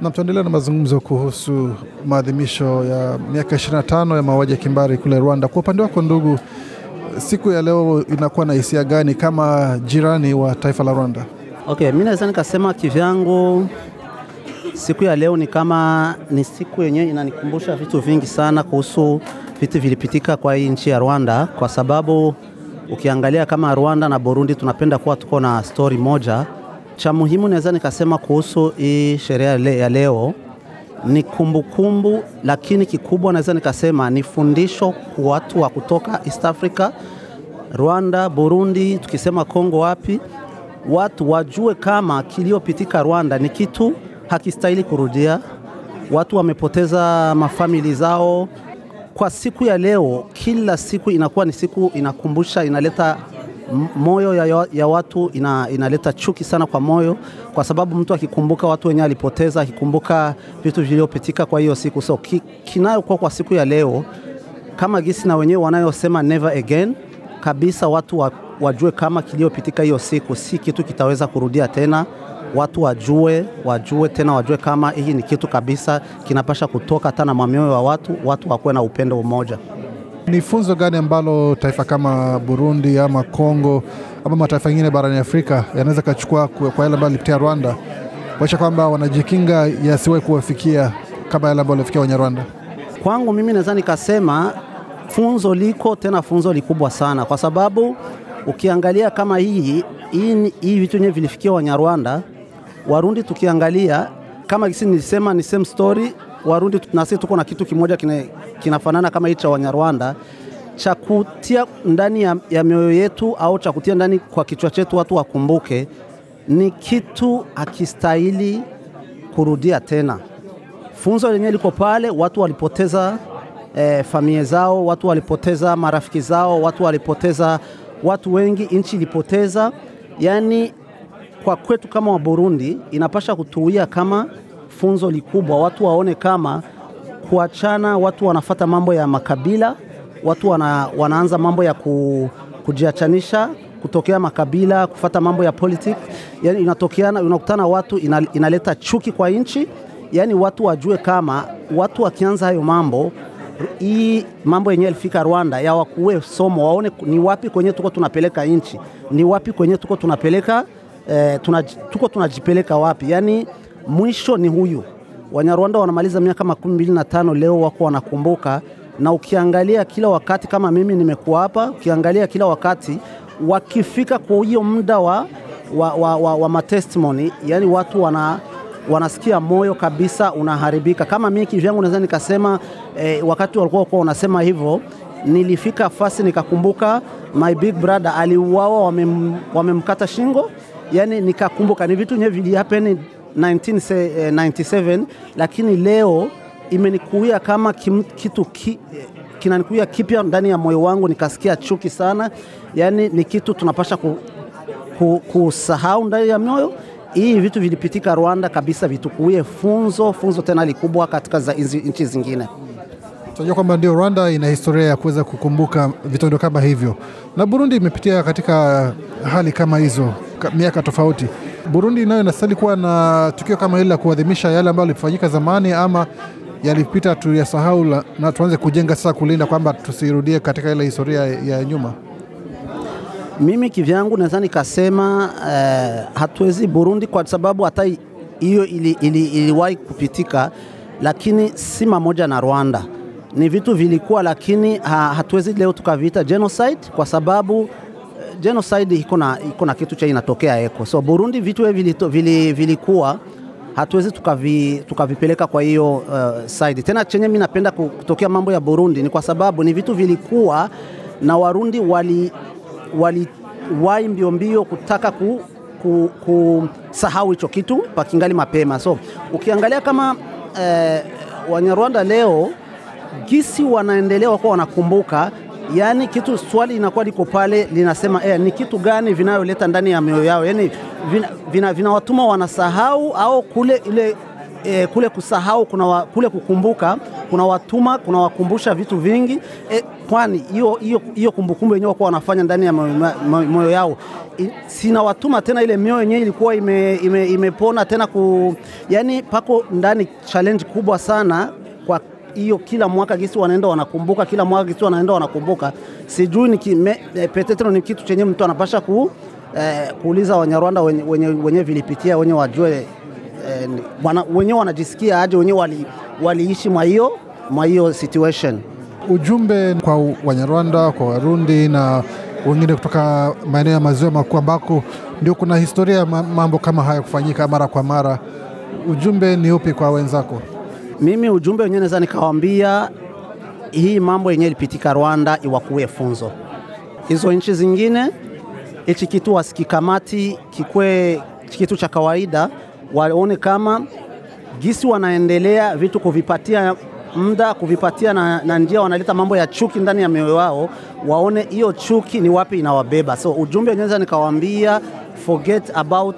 Na tuendelea na mazungumzo kuhusu maadhimisho ya miaka 25 ya mauaji ya kimbari kule Rwanda. Kwa upande wako ndugu, siku ya leo inakuwa na hisia gani kama jirani wa taifa la Rwanda? Okay, mimi naweza nikasema kivyangu siku ya leo ni kama ni siku yenyewe inanikumbusha vitu vingi sana kuhusu vitu vilipitika kwa hii nchi ya Rwanda, kwa sababu ukiangalia kama Rwanda na Burundi tunapenda kuwa tuko na stori moja cha muhimu naweza nikasema kuhusu hii sherehe ya leo ni kumbukumbu kumbu, lakini kikubwa naweza nikasema ni fundisho kwa watu wa kutoka East Africa, Rwanda, Burundi, tukisema Kongo wapi, watu wajue kama kiliopitika Rwanda ni kitu hakistahili kurudia. Watu wamepoteza mafamili zao. Kwa siku ya leo, kila siku inakuwa ni siku inakumbusha, inaleta moyo ya, ya watu ina, inaleta chuki sana kwa moyo, kwa sababu mtu akikumbuka watu wenye alipoteza, akikumbuka vitu vilivyopitika kwa hiyo siku, so ki, kinayokuwa kwa siku ya leo kama gisi na wenyewe wanayosema never again kabisa, watu wa, wajue kama kiliyopitika hiyo siku si kitu kitaweza kurudia tena. Watu wajue wajue tena wajue kama hii ni kitu kabisa kinapasha kutoka tena na mioyo wa watu, watu wakuwe na upendo mmoja. Ni funzo gani ambalo taifa kama Burundi ama Kongo ama mataifa mengine barani Afrika yanaweza kachukua kwa yale ambayo alipitia Rwanda kuonyesha kwamba wanajikinga yasiwe kuwafikia kama yale ambayo alifikia wenye Rwanda? Kwangu mimi naweza nikasema funzo liko tena, funzo likubwa sana, kwa sababu ukiangalia kama hii hii hii vitu yenyewe vilifikia Wanyarwanda, Warundi tukiangalia kama sisi nilisema ni same story Warundi na sisi tuko na kitu kimoja kinafanana kama hicho cha Wanyarwanda cha kutia ndani ya, ya mioyo yetu au cha kutia ndani kwa kichwa chetu watu wakumbuke, ni kitu akistahili kurudia tena. Funzo lenyewe liko pale, watu walipoteza e, familia zao, watu walipoteza marafiki zao, watu walipoteza watu wengi, nchi ilipoteza. Yani kwa kwetu kama Waburundi inapasha kutuia kama funzo likubwa, watu waone kama kuachana, watu wanafata mambo ya makabila, watu wana, wanaanza mambo ya ku, kujiachanisha kutokea makabila, kufata mambo ya politik, Yani inatokeana, unakutana watu ina, inaleta chuki kwa nchi. Yani watu wajue kama watu wakianza hayo mambo hii mambo yenyewe ilifika Rwanda ya wakuwe somo, waone ni wapi kwenye tuko tunapeleka nchi, ni wapi kwenye tuko tunapeleka eh, tuna, tuko tunajipeleka wapi. Yani mwisho ni huyu Wanyarwanda wanamaliza miaka makumi mbili na tano leo wako wanakumbuka, na ukiangalia kila wakati, kama mimi nimekuwa hapa, ukiangalia kila wakati wakifika kwa hiyo muda wa, wa, wa, wa, wa matestimony, yani watu wana wanasikia moyo kabisa unaharibika. Kama mimi kivyangu naweza nikasema eh, wakati walikuwa kwa wanasema hivyo, nilifika fasi nikakumbuka my big brother aliuawa, wamemkata wame shingo, yani nikakumbuka ni vitu nye happen 1997 lakini leo imenikuia kama kim, kitu ki, kinanikuia kipya ndani ya moyo wangu, nikasikia chuki sana. Yani ni kitu tunapasha ku, ku, kusahau ndani ya moyo hii vitu vilipitika Rwanda kabisa, vitukuie funzo funzo tena likubwa katika za nchi zingine. Tunajua kwamba ndio Rwanda ina historia ya kuweza kukumbuka vitendo kama hivyo, na Burundi imepitia katika hali kama hizo miaka tofauti. Burundi nayo inastahili kuwa na tukio kama hili la kuadhimisha yale ambayo yalifanyika zamani ama yalipita tuyasahau, na tuanze kujenga sasa, kulinda kwamba tusirudie katika ile historia ya nyuma. Mimi kivyangu naweza nikasema eh, hatuwezi Burundi kwa sababu hata hiyo ili, ili, iliwahi kupitika, lakini si mamoja na Rwanda. Ni vitu vilikuwa, lakini ha, hatuwezi leo tukaviita genocide kwa sababu genocide iko na iko na kitu cha inatokea eko. So Burundi vitu hivi vilikuwa vili, hatuwezi tukavi, tukavipeleka kwa hiyo uh, side tena. Chenye mimi napenda kutokea mambo ya Burundi ni kwa sababu ni vitu vilikuwa na Warundi wali, wali wai mbio mbio kutaka ku, ku, kusahau hicho kitu pakingali mapema. So ukiangalia kama uh, Wanyarwanda leo gisi wanaendelea kwa wanakumbuka yaani kitu swali inakuwa liko pale linasema eh, ni kitu gani vinayoleta ndani ya mioyo yao, yaani vinawatuma vina, vina wanasahau au kule ile e, kule kusahau kuna wa, kule kukumbuka kuna watuma kuna wakumbusha vitu vingi e, kwani hiyo hiyo hiyo kumbukumbu yenyewe kwa wanafanya ndani ya moyo yao e, sina watuma tena, ile mioyo yenyewe ilikuwa ime, ime, imepona tena ku, yani pako ndani challenge kubwa sana kwa hiyo kila mwaka gisi wanaenda wanakumbuka, kila mwaka gisi wanaenda wanakumbuka. Sijui ni eh, petetro ni kitu chenye mtu anapasha ku, eh, kuuliza Wanyarwanda wenye, wenye, wenye vilipitia wenye wajue eh, wana, wenye wanajisikia aje wenye wali, waliishi mwa hiyo mwa hiyo situation. Ujumbe kwa Wanyarwanda, kwa Warundi na wengine kutoka maeneo ya maziwa makuu ambako ndio kuna historia ya mambo kama haya kufanyika mara kwa mara, ujumbe ni upi kwa wenzako? Mimi ujumbe wenyewe naweza nikawaambia hii mambo yenyewe ilipitika Rwanda iwakuwe funzo. Hizo nchi zingine hichi kitu wasikikamati kikwe kitu cha kawaida, waone kama gisi wanaendelea vitu kuvipatia muda kuvipatia na, na njia wanaleta mambo ya chuki ndani ya mioyo wao, waone hiyo chuki ni wapi inawabeba. So ujumbe wenyewe nikawaambia forget about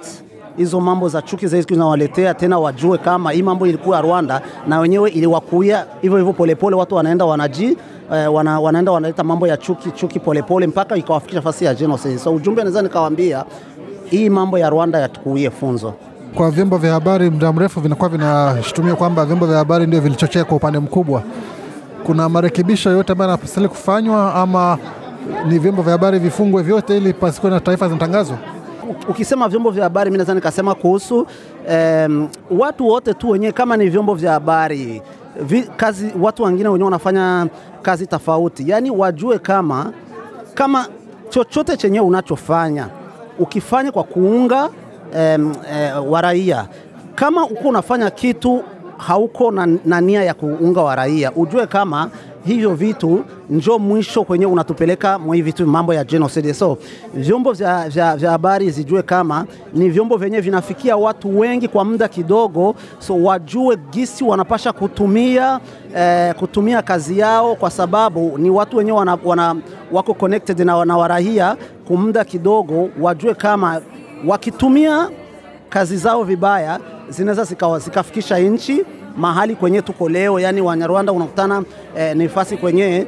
hizo mambo za chuki za hizo zinawaletea tena, wajue kama hii mambo ilikuwa Rwanda na wenyewe iliwakuia hivyo hivyo, polepole watu wanaenda wanaji eh, wana, wanaenda wanaleta mambo ya chuki chuki polepole mpaka ikawafikisha nafasi ya genocide. So ujumbe naweza nikawaambia hii mambo ya Rwanda yatukuie funzo kwa vyombo vya habari muda mrefu vinakuwa vinashutumiwa kwamba vyombo vya habari ndio vilichochea kwa upande mkubwa. Kuna marekebisho yote ambayo yanastahili kufanywa ama ni vyombo vya habari vifungwe vyote ili pasikuwe na taarifa zinatangazwa? ukisema vyombo vya habari, mimi naweza nikasema kuhusu um, watu wote tu wenyewe kama ni vyombo vya habari vi, kazi, watu wengine wenyewe wanafanya kazi tofauti, yaani wajue kama kama chochote chenyewe unachofanya ukifanya kwa kuunga um, uh, eh, waraia, kama uko unafanya kitu hauko na, na nia ya kuunga waraia, ujue kama hivyo vitu njo mwisho kwenye unatupeleka mwa vitu mambo ya genocide. So vyombo vya habari zijue kama ni vyombo vyenye vinafikia watu wengi kwa muda kidogo, so wajue gisi wanapasha kutumia eh, kutumia kazi yao, kwa sababu ni watu wenye wana, wana, wako connected na, na warahia kwa muda kidogo, wajue kama wakitumia kazi zao vibaya zinaweza zikafikisha nchi mahali kwenye tuko leo, yani Wanyarwanda unakutana e, nafasi kwenye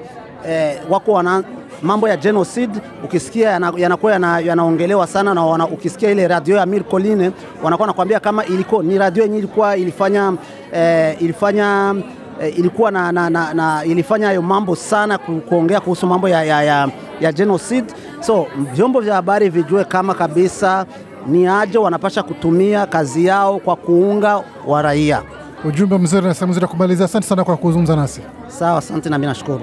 e, wako wana mambo ya genocide ukisikia yanakuwa yana, yanaongelewa yana sana na wana, ukisikia ile radio ya Mir Coline wanakuwa nakwambia kama iliko ni radio yenye ilikuwa ilifanya e, ilifanya e, ilikuwa na, na, na, na ilifanya hayo mambo sana ku, kuongea kuhusu mambo ya, ya, ya, ya genocide. So vyombo vya habari vijue kama kabisa ni aje wanapasha kutumia kazi yao kwa kuunga waraia. Ujumbe mzuri na sehemu nzuri ya kumaliza. Asante sana kwa kuzungumza nasi. Sawa, asante nami nashukuru.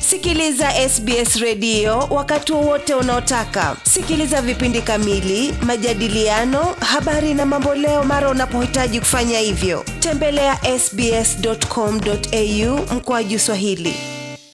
Sikiliza SBS redio wakati wowote unaotaka. Sikiliza vipindi kamili, majadiliano, habari na mamboleo mara unapohitaji kufanya hivyo. Tembelea ya sbs.com.au mkoaji Swahili.